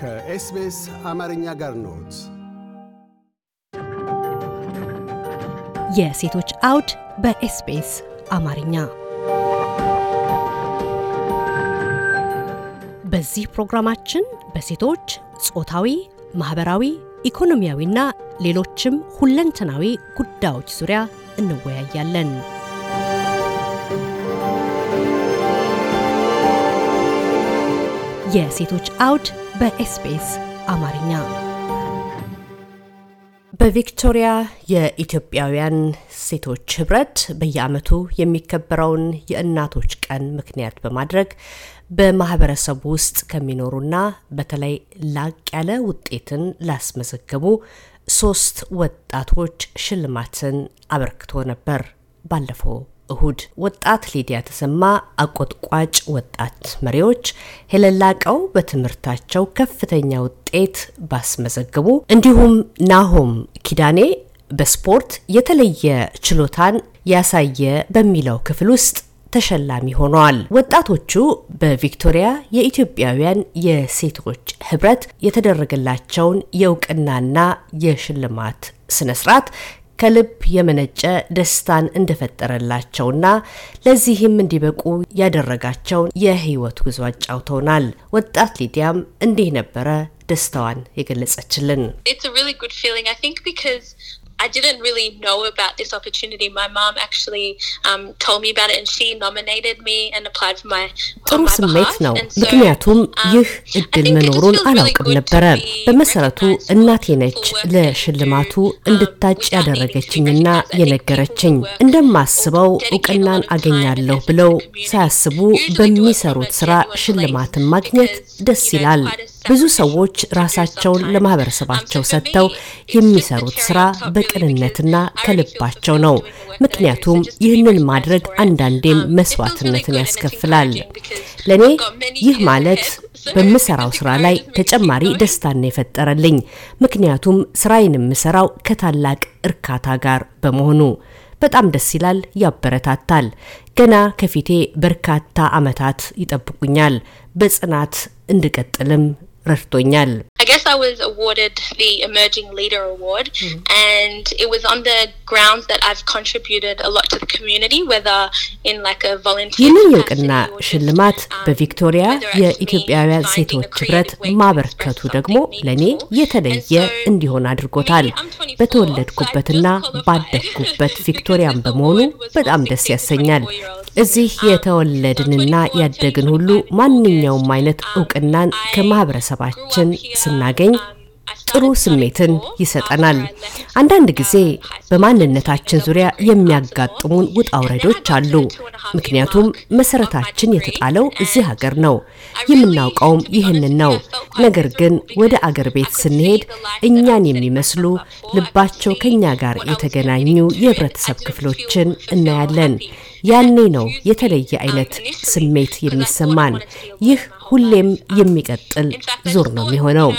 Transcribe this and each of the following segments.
ከኤስቤስ አማርኛ ጋር ኖት። የሴቶች አውድ በኤስቤስ አማርኛ በዚህ ፕሮግራማችን በሴቶች ጾታዊ፣ ማኅበራዊ፣ ኢኮኖሚያዊና ሌሎችም ሁለንተናዊ ጉዳዮች ዙሪያ እንወያያለን። የሴቶች አውድ በኤስቢኤስ አማርኛ በቪክቶሪያ የኢትዮጵያውያን ሴቶች ህብረት በየዓመቱ የሚከበረውን የእናቶች ቀን ምክንያት በማድረግ በማህበረሰቡ ውስጥ ከሚኖሩና በተለይ ላቅ ያለ ውጤትን ላስመዘገቡ ሶስት ወጣቶች ሽልማትን አበርክቶ ነበር ባለፈው እሁድ ወጣት ሊዲያ ተሰማ አቆጥቋጭ ወጣት መሪዎች ሄለን ላቀው በትምህርታቸው ከፍተኛ ውጤት ባስመዘግቡ፣ እንዲሁም ናሆም ኪዳኔ በስፖርት የተለየ ችሎታን ያሳየ በሚለው ክፍል ውስጥ ተሸላሚ ሆነዋል። ወጣቶቹ በቪክቶሪያ የኢትዮጵያውያን የሴቶች ህብረት የተደረገላቸውን የእውቅናና የሽልማት ስነ ስርዓት ከልብ የመነጨ ደስታን እንደፈጠረላቸውና ለዚህም እንዲበቁ ያደረጋቸውን የህይወት ጉዞ አጫውተውናል። ወጣት ሊዲያም እንዲህ ነበረ ደስታዋን የገለጸችልን። I didn't really know about this opportunity. My mom actually um, told me about it and she nominated me and applied for my ጥሩ ስሜት ነው፣ ምክንያቱም um, ይህ እድል መኖሩን አላውቅም ነበረ። በመሰረቱ እናቴ ነች ለሽልማቱ um, እንድታጭ ያደረገችኝና የነገረችኝ። እንደማስበው እውቅናን አገኛለሁ ብለው ሳያስቡ በሚሰሩት ስራ ሽልማትን ማግኘት ደስ ይላል። ብዙ ሰዎች ራሳቸውን ለማህበረሰባቸው ሰጥተው የሚሰሩት ስራ በቅንነትና ከልባቸው ነው። ምክንያቱም ይህንን ማድረግ አንዳንዴም መስዋዕትነትን ያስከፍላል። ለእኔ ይህ ማለት በምሰራው ስራ ላይ ተጨማሪ ደስታን የፈጠረልኝ፣ ምክንያቱም ስራዬን የምሰራው ከታላቅ እርካታ ጋር በመሆኑ በጣም ደስ ይላል፣ ያበረታታል። ገና ከፊቴ በርካታ ዓመታት ይጠብቁኛል። በጽናት እንድቀጥልም ረድቶኛል። ይህንን hmm. የእውቅና ሽልማት um, በቪክቶሪያ የኢትዮጵያውያን ሴቶች ህብረት ማበርከቱ ደግሞ ለእኔ የተለየ እንዲሆን አድርጎታል። በተወለድኩበትና ባደግኩበት ቪክቶሪያን በመሆኑ በጣም ደስ ያሰኛል። እዚህ um, የተወለድንና ያደግን ሁሉ ማንኛውም አይነት um, እውቅናን ከማህበረሰብ ቤተሰባችን ስናገኝ ጥሩ ስሜትን ይሰጠናል። አንዳንድ ጊዜ በማንነታችን ዙሪያ የሚያጋጥሙን ውጣ ውረዶች አሉ። ምክንያቱም መሰረታችን የተጣለው እዚህ ሀገር ነው። የምናውቀውም ይህንን ነው። ነገር ግን ወደ አገር ቤት ስንሄድ እኛን የሚመስሉ ልባቸው ከኛ ጋር የተገናኙ የህብረተሰብ ክፍሎችን እናያለን። ያኔ ነው የተለየ አይነት ስሜት የሚሰማን። ይህ ሁሌም የሚቀጥል ዙር ነው የሚሆነው።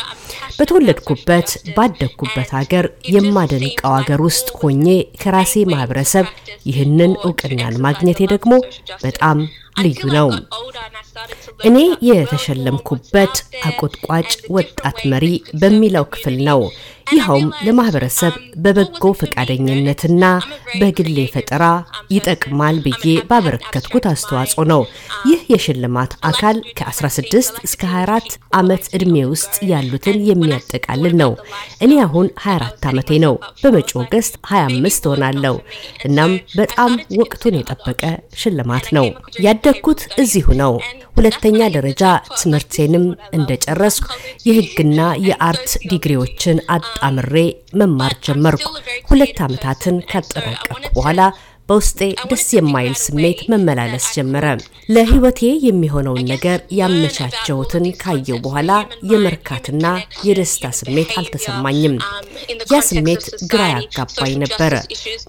በተወለድኩበት ባደግኩበት ሀገር የማደንቀው ሀገር ውስጥ ሆኜ ከራሴ ማህበረሰብ ይህንን እውቅናን ማግኘቴ ደግሞ በጣም ልዩ ነው። እኔ የተሸለምኩበት አቆጥቋጭ ወጣት መሪ በሚለው ክፍል ነው ይኸውም ለማህበረሰብ በበጎ ፈቃደኝነትና በግሌ ፈጠራ ይጠቅማል ብዬ ባበረከትኩት አስተዋጽኦ ነው። ይህ የሽልማት አካል ከ16 እስከ 24 ዓመት ዕድሜ ውስጥ ያሉትን የሚያጠቃልል ነው። እኔ አሁን 24 ዓመቴ ነው። በመጪው ኦገስት 25 ሆናለሁ። እናም በጣም ወቅቱን የጠበቀ ሽልማት ነው። ያደግኩት እዚሁ ነው። ሁለተኛ ደረጃ ትምህርቴንም እንደጨረስኩ የሕግና የአርት ዲግሪዎችን አጣምሬ መማር ጀመርኩ። ሁለት ዓመታትን ካጠናቀቅኩ በኋላ በውስጤ ደስ የማይል ስሜት መመላለስ ጀመረ። ለህይወቴ የሚሆነውን ነገር ያመቻቸውትን ካየው በኋላ የመርካትና የደስታ ስሜት um, አልተሰማኝም። ያ ስሜት ግራ ያጋባኝ ነበረ።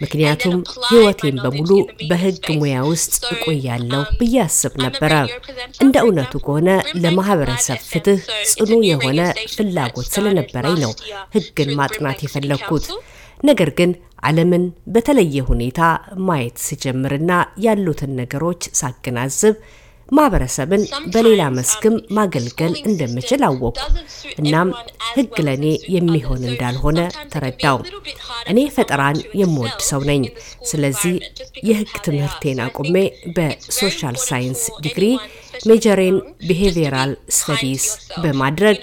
ምክንያቱም ህይወቴን በሙሉ በህግ ሙያ ውስጥ እቆያለሁ um, ብዬ አስብ ነበረ። እንደ እውነቱ ከሆነ ለማህበረሰብ ፍትህ ጽኑ የሆነ ፍላጎት ስለነበረኝ ነው ህግን ማጥናት የፈለግኩት። ነገር ግን ዓለምን በተለየ ሁኔታ ማየት ስጀምርና ያሉትን ነገሮች ሳገናዝብ ማህበረሰብን በሌላ መስክም ማገልገል እንደምችል አወቅኩ። እናም ህግ ለእኔ የሚሆን እንዳልሆነ ተረዳው። እኔ ፈጠራን የምወድ ሰው ነኝ። ስለዚህ የህግ ትምህርቴን አቁሜ በሶሻል ሳይንስ ዲግሪ ሜጀሬን ቢሄቪየራል ስተዲስ በማድረግ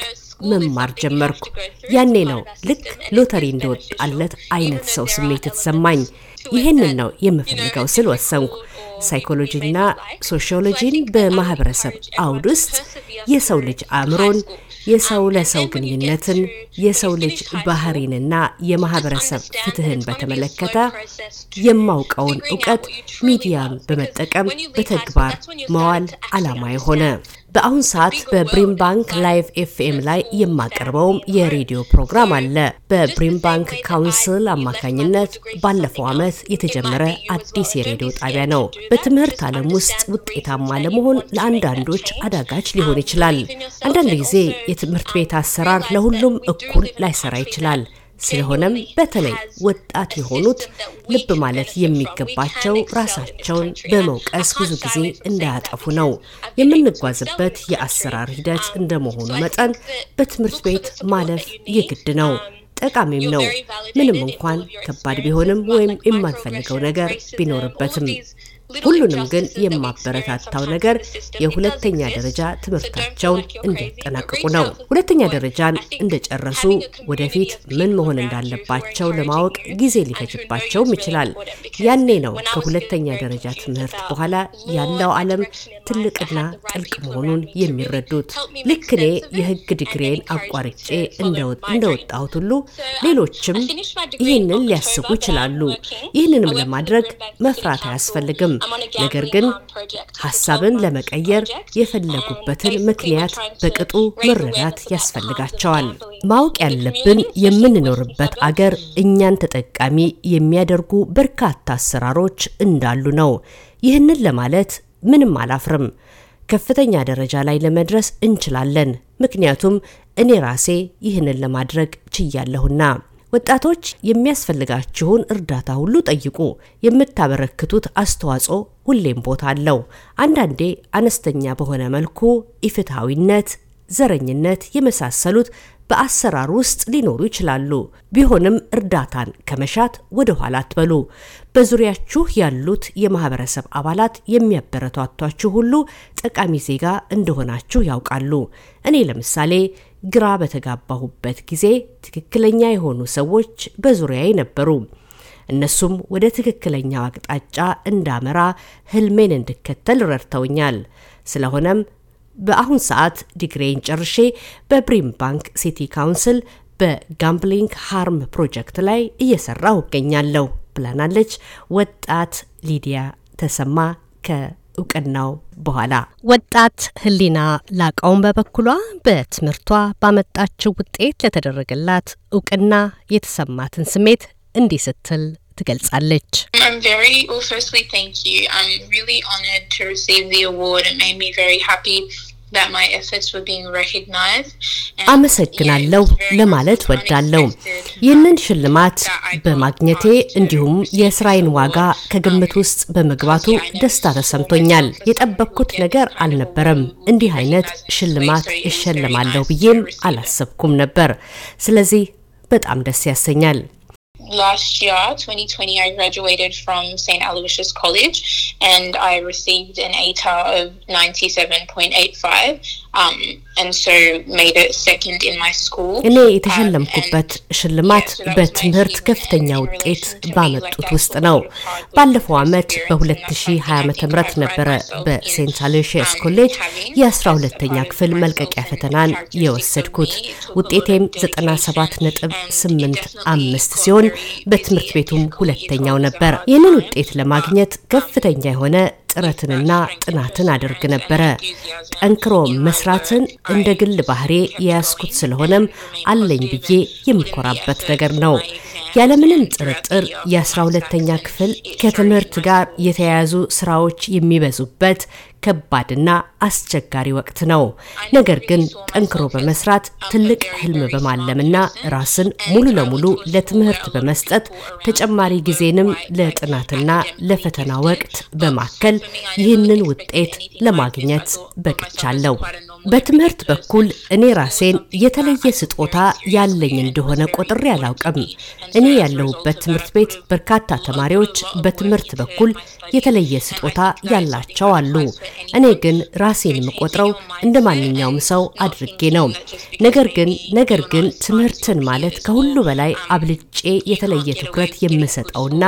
መማር ጀመርኩ። ያኔ ነው ልክ ሎተሪ እንደወጣለት አይነት ሰው ስሜት የተሰማኝ። ይህንን ነው የምፈልገው ስል ወሰንኩ። ሳይኮሎጂና ሶሺዮሎጂን በማህበረሰብ አውድ ውስጥ የሰው ልጅ አእምሮን የሰው ለሰው ግንኙነትን፣ የሰው ልጅ ባህሪንና የማህበረሰብ ፍትህን በተመለከተ የማውቀውን እውቀት ሚዲያን በመጠቀም በተግባር መዋል አላማ የሆነ በአሁን ሰዓት በብሪም ባንክ ላይቭ ኤፍኤም ላይ የማቀርበውም የሬዲዮ ፕሮግራም አለ። በብሪም ባንክ ካውንስል አማካኝነት ባለፈው ዓመት የተጀመረ አዲስ የሬዲዮ ጣቢያ ነው። በትምህርት ዓለም ውስጥ ውጤታማ ለመሆን ለአንዳንዶች አዳጋች ሊሆን ይችላል። አንዳንድ ጊዜ የትምህርት ቤት አሰራር ለሁሉም እኩል ላይሰራ ይችላል። ስለሆነም በተለይ ወጣት የሆኑት ልብ ማለት የሚገባቸው ራሳቸውን በመውቀስ ብዙ ጊዜ እንዳያጠፉ ነው። የምንጓዝበት የአሰራር ሂደት እንደመሆኑ መጠን በትምህርት ቤት ማለፍ የግድ ነው። ጠቃሚም ነው። ምንም እንኳን ከባድ ቢሆንም ወይም የማንፈልገው ነገር ቢኖርበትም ሁሉንም ግን የማበረታታው ነገር የሁለተኛ ደረጃ ትምህርታቸውን እንዲያጠናቅቁ ነው። ሁለተኛ ደረጃን እንደጨረሱ ወደፊት ምን መሆን እንዳለባቸው ለማወቅ ጊዜ ሊፈጅባቸውም ይችላል። ያኔ ነው ከሁለተኛ ደረጃ ትምህርት በኋላ ያለው ዓለም ትልቅና ጥልቅ መሆኑን የሚረዱት። ልክ እኔ የሕግ ዲግሪን አቋርጬ እንደወጣሁት ሁሉ um, ሌሎችም ይህንን ሊያስቡ ይችላሉ። ይህንንም ለማድረግ መፍራት አያስፈልግም። ነገር ግን ሀሳብን ለመቀየር የፈለጉበትን ምክንያት በቅጡ መረዳት ያስፈልጋቸዋል። ማወቅ ያለብን የምንኖርበት አገር እኛን ተጠቃሚ የሚያደርጉ በርካታ አሰራሮች እንዳሉ ነው። ይህንን ለማለት ምንም አላፍርም። ከፍተኛ ደረጃ ላይ ለመድረስ እንችላለን፣ ምክንያቱም እኔ ራሴ ይህንን ለማድረግ ችያለሁና። ወጣቶች የሚያስፈልጋችሁን እርዳታ ሁሉ ጠይቁ። የምታበረክቱት አስተዋጽኦ ሁሌም ቦታ አለው። አንዳንዴ አነስተኛ በሆነ መልኩ ኢፍትሐዊነት፣ ዘረኝነት የመሳሰሉት በአሰራር ውስጥ ሊኖሩ ይችላሉ። ቢሆንም እርዳታን ከመሻት ወደ ኋላ አትበሉ። በዙሪያችሁ ያሉት የማህበረሰብ አባላት የሚያበረታቷችሁ ሁሉ ጠቃሚ ዜጋ እንደሆናችሁ ያውቃሉ። እኔ ለምሳሌ ግራ በተጋባሁበት ጊዜ ትክክለኛ የሆኑ ሰዎች በዙሪያዬ ነበሩ። እነሱም ወደ ትክክለኛው አቅጣጫ እንዳመራ ህልሜን እንድከተል ረድተውኛል። ስለሆነም በአሁን ሰዓት ዲግሪን ጨርሼ በብሪም ባንክ ሲቲ ካውንስል በጋምብሊንግ ሃርም ፕሮጀክት ላይ እየሰራሁ እገኛለሁ ብላናለች ወጣት ሊዲያ ተሰማ ከ እውቅናው በኋላ ወጣት ህሊና ላቀውን በበኩሏ በትምህርቷ ባመጣችው ውጤት ለተደረገላት እውቅና የተሰማትን ስሜት እንዲህ ስትል ትገልጻለች። አመሰግናለሁ ለማለት ወዳለሁ። ይህንን ሽልማት በማግኘቴ እንዲሁም የስራዬን ዋጋ ከግምት ውስጥ በመግባቱ ደስታ ተሰምቶኛል። የጠበቅኩት ነገር አልነበረም። እንዲህ አይነት ሽልማት እሸለማለሁ ብዬም አላሰብኩም ነበር። ስለዚህ በጣም ደስ ያሰኛል። last year, 2020, I graduated from St. Aloysius College and I received an ATAR of 97.85. Um, እኔ um, የተሸለምኩበት ሽልማት በትምህርት ከፍተኛ ውጤት ባመጡት ውስጥ ነው። ባለፈው ዓመት በ2020 ዓ ም ነበረ በሴንት አሌሽየስ ኮሌጅ የ12ተኛ ክፍል መልቀቂያ ፈተናን የወሰድኩት። ውጤቴም 97.85 ሲሆን በትምህርት ቤቱም ሁለተኛው ነበር። ይህንን ውጤት ለማግኘት um, ከፍተኛ የሆነ ጥረትንና ጥናትን አደርግ ነበረ። ጠንክሮ መስራትን እንደ ግል ባህሬ የያዝኩት ስለሆነም አለኝ ብዬ የምኮራበት ነገር ነው። ያለምንም ጥርጥር የአስራ ሁለተኛ ክፍል ከትምህርት ጋር የተያያዙ ስራዎች የሚበዙበት ከባድና አስቸጋሪ ወቅት ነው። ነገር ግን ጠንክሮ በመስራት ትልቅ ህልም በማለምና ራስን ሙሉ ለሙሉ ለትምህርት በመስጠት ተጨማሪ ጊዜንም ለጥናትና ለፈተና ወቅት በማከል ይህንን ውጤት ለማግኘት በቅቻለሁ። በትምህርት በኩል እኔ ራሴን የተለየ ስጦታ ያለኝ እንደሆነ ቆጥሬ አላውቅም። እኔ ያለሁበት ትምህርት ቤት በርካታ ተማሪዎች በትምህርት በኩል የተለየ ስጦታ ያላቸው አሉ። እኔ ግን ራሴን የምቆጥረው እንደ ማንኛውም ሰው አድርጌ ነው። ነገር ግን ነገር ግን ትምህርትን ማለት ከሁሉ በላይ አብልጬ የተለየ ትኩረት የምሰጠውና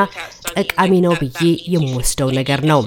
ጠቃሚ ነው ብዬ የምወስደው ነገር ነው።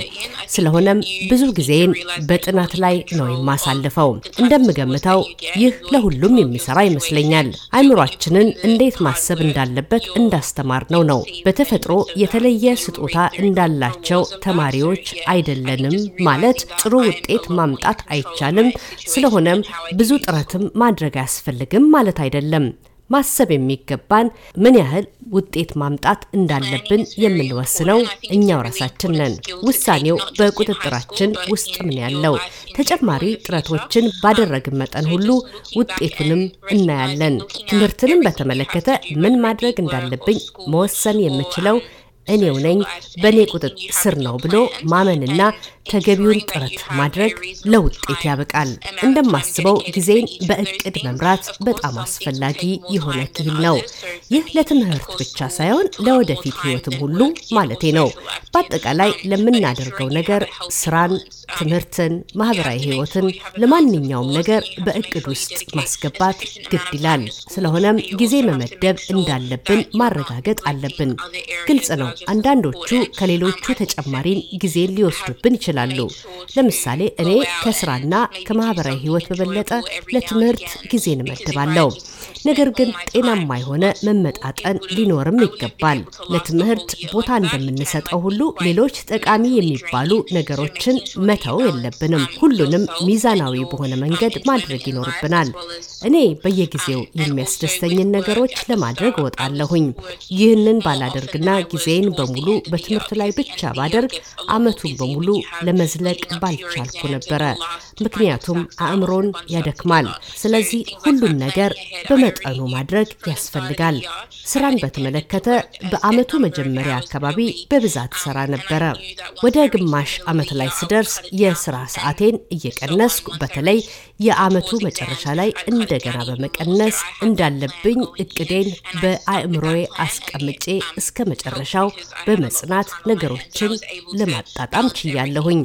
ስለሆነም ብዙ ጊዜን በጥናት ላይ ነው የማሳልፈው። እንደምገምተው ይህ ለሁሉም የሚሰራ ይመስለኛል። አይምሯችንን እንዴት ማሰብ እንዳለበት እንዳስተማር ነው ነው በተፈጥሮ የተለየ ስጦታ እንዳላቸው ተማሪዎች አይደለንም ማለት ጥሩ ውጤት ማምጣት አይቻልም። ስለሆነም ብዙ ጥረትም ማድረግ አያስፈልግም ማለት አይደለም። ማሰብ የሚገባን ምን ያህል ውጤት ማምጣት እንዳለብን የምንወስነው እኛው ራሳችን ነን። ውሳኔው በቁጥጥራችን ውስጥ ምን ያለው ተጨማሪ ጥረቶችን ባደረግን መጠን ሁሉ ውጤቱንም እናያለን። ትምህርትንም በተመለከተ ምን ማድረግ እንዳለብኝ መወሰን የምችለው እኔው ነኝ፣ በእኔ ቁጥጥር ስር ነው ብሎ ማመንና ተገቢውን ጥረት ማድረግ ለውጤት ያበቃል። እንደማስበው ጊዜን በእቅድ መምራት በጣም አስፈላጊ የሆነ ክህል ነው። ይህ ለትምህርት ብቻ ሳይሆን ለወደፊት ህይወትም ሁሉ ማለቴ ነው። በአጠቃላይ ለምናደርገው ነገር ስራን፣ ትምህርትን፣ ማህበራዊ ህይወትን ለማንኛውም ነገር በእቅድ ውስጥ ማስገባት ግድ ይላል። ስለሆነም ጊዜ መመደብ እንዳለብን ማረጋገጥ አለብን። ግልጽ ነው አንዳንዶቹ ከሌሎቹ ተጨማሪን ጊዜን ሊወስዱብን ይችላል። ይችላሉ። ለምሳሌ እኔ ከስራና ከማህበራዊ ህይወት በበለጠ ለትምህርት ጊዜ እመድባለሁ። ነገር ግን ጤናማ የሆነ መመጣጠን ሊኖርም ይገባል። ለትምህርት ቦታ እንደምንሰጠው ሁሉ ሌሎች ጠቃሚ የሚባሉ ነገሮችን መተው የለብንም። ሁሉንም ሚዛናዊ በሆነ መንገድ ማድረግ ይኖርብናል። እኔ በየጊዜው የሚያስደስተኝን ነገሮች ለማድረግ እወጣለሁኝ። ይህንን ባላደርግና ጊዜን በሙሉ በትምህርት ላይ ብቻ ባደርግ አመቱን በሙሉ ለመዝለቅ ባልቻልኩ ነበረ። ምክንያቱም አእምሮን ያደክማል። ስለዚህ ሁሉን ነገር በመጠኑ ማድረግ ያስፈልጋል። ስራን በተመለከተ በአመቱ መጀመሪያ አካባቢ በብዛት ሰራ ነበረ። ወደ ግማሽ አመት ላይ ስደርስ የስራ ሰዓቴን እየቀነስኩ በተለይ የአመቱ መጨረሻ ላይ እንደ እንደገና በመቀነስ እንዳለብኝ እቅዴን በአእምሮዬ አስቀምጬ እስከ መጨረሻው በመጽናት ነገሮችን ለማጣጣም ችያለሁኝ።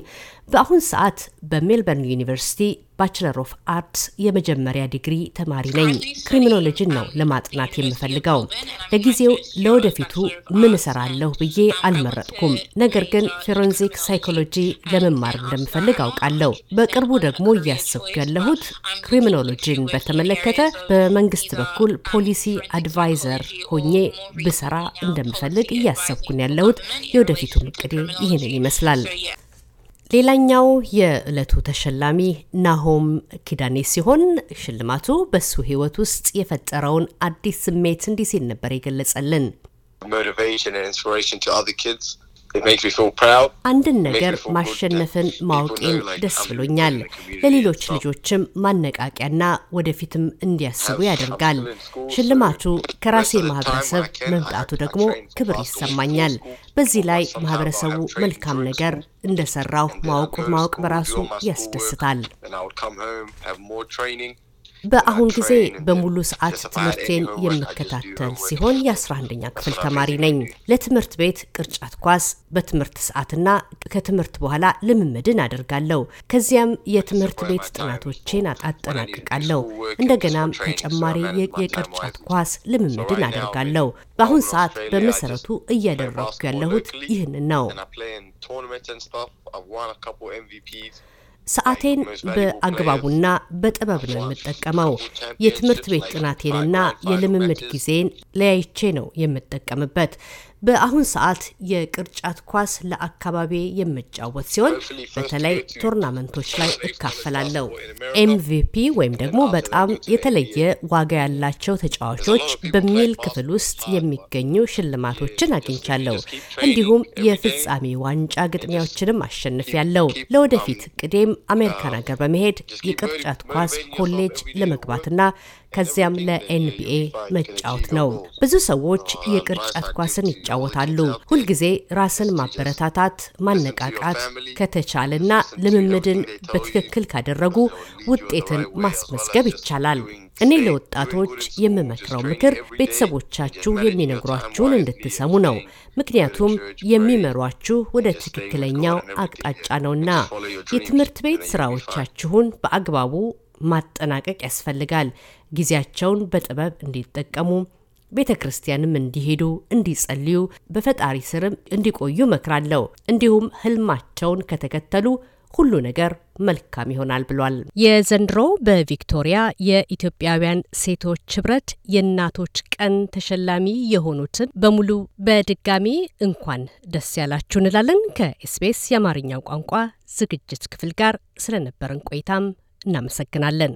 በአሁን ሰዓት በሜልበርን ዩኒቨርሲቲ ባችለር ኦፍ አርትስ የመጀመሪያ ዲግሪ ተማሪ ነኝ። ክሪሚኖሎጂን ነው ለማጥናት የምፈልገው። ለጊዜው ለወደፊቱ ምን እሰራለሁ ብዬ አልመረጥኩም። ነገር ግን ፎረንሲክ ሳይኮሎጂ ለመማር እንደምፈልግ አውቃለሁ። በቅርቡ ደግሞ እያሰብኩ ያለሁት ክሪሚኖሎጂን በተመለከተ በመንግስት በኩል ፖሊሲ አድቫይዘር ሆኜ ብሰራ እንደምፈልግ እያሰብኩን ያለሁት የወደፊቱ እቅዴ ይህንን ይመስላል። ሌላኛው የዕለቱ ተሸላሚ ናሆም ኪዳኔ ሲሆን ሽልማቱ በሱ ህይወት ውስጥ የፈጠረውን አዲስ ስሜት እንዲህ ሲል ነበር የገለጸልን። motivation and inspiration to other kids አንድን ነገር ማሸነፍን ማወቄን ደስ ብሎኛል። ለሌሎች ልጆችም ማነቃቂያና ወደፊትም እንዲያስቡ ያደርጋል። ሽልማቱ ከራሴ ማህበረሰብ መምጣቱ ደግሞ ክብር ይሰማኛል። በዚህ ላይ ማህበረሰቡ መልካም ነገር እንደሰራሁ ማወቁ ማወቅ በራሱ ያስደስታል። በአሁን ጊዜ በሙሉ ሰዓት ትምህርቴን የምከታተል ሲሆን የ11ኛ ክፍል ተማሪ ነኝ። ለትምህርት ቤት ቅርጫት ኳስ በትምህርት ሰዓትና ከትምህርት በኋላ ልምምድን አደርጋለሁ። ከዚያም የትምህርት ቤት ጥናቶቼን አጠናቅቃለሁ። እንደገናም ተጨማሪ የቅርጫት ኳስ ልምምድን አደርጋለሁ። በአሁን ሰዓት በመሰረቱ እያደረግኩ ያለሁት ይህንን ነው። ሰዓቴን በአግባቡና በጥበብ ነው የምጠቀመው። የትምህርት ቤት ጥናቴንና የልምምድ ጊዜን ለያይቼ ነው የምጠቀምበት። በአሁን ሰዓት የቅርጫት ኳስ ለአካባቢ የምጫወት ሲሆን በተለይ ቶርናመንቶች ላይ እካፈላለሁ። ኤምቪፒ ወይም ደግሞ በጣም የተለየ ዋጋ ያላቸው ተጫዋቾች በሚል ክፍል ውስጥ የሚገኙ ሽልማቶችን አግኝቻለሁ። እንዲሁም የፍጻሜ ዋንጫ ግጥሚያዎችንም ያለው ለወደፊት ቅዴም አሜሪካን uh, ሀገር በመሄድ የቅርጫት ኳስ ኮሌጅ ለመግባትና ከዚያም ለኤንቢኤ መጫወት ነው። ብዙ ሰዎች uh, የቅርጫት ኳስን ይጫወታሉ። ሁልጊዜ ራስን ማበረታታት፣ ማነቃቃት ከተቻለና ልምምድን በትክክል ካደረጉ ውጤትን ማስመዝገብ ይቻላል። እኔ ለወጣቶች የምመክረው ምክር ቤተሰቦቻችሁ የሚነግሯችሁን እንድትሰሙ ነው። ምክንያቱም የሚመሯችሁ ወደ ትክክለኛው አቅጣጫ ነውና። የትምህርት ቤት ስራዎቻችሁን በአግባቡ ማጠናቀቅ ያስፈልጋል። ጊዜያቸውን በጥበብ እንዲጠቀሙ፣ ቤተ ክርስቲያንም እንዲሄዱ፣ እንዲጸልዩ፣ በፈጣሪ ስርም እንዲቆዩ እመክራለሁ። እንዲሁም ህልማቸውን ከተከተሉ ሁሉ ነገር መልካም ይሆናል ብሏል። የዘንድሮ በቪክቶሪያ የኢትዮጵያውያን ሴቶች ህብረት የእናቶች ቀን ተሸላሚ የሆኑትን በሙሉ በድጋሚ እንኳን ደስ ያላችሁ እንላለን። ከኤስቢኤስ የአማርኛው ቋንቋ ዝግጅት ክፍል ጋር ስለነበረን ቆይታም እናመሰግናለን።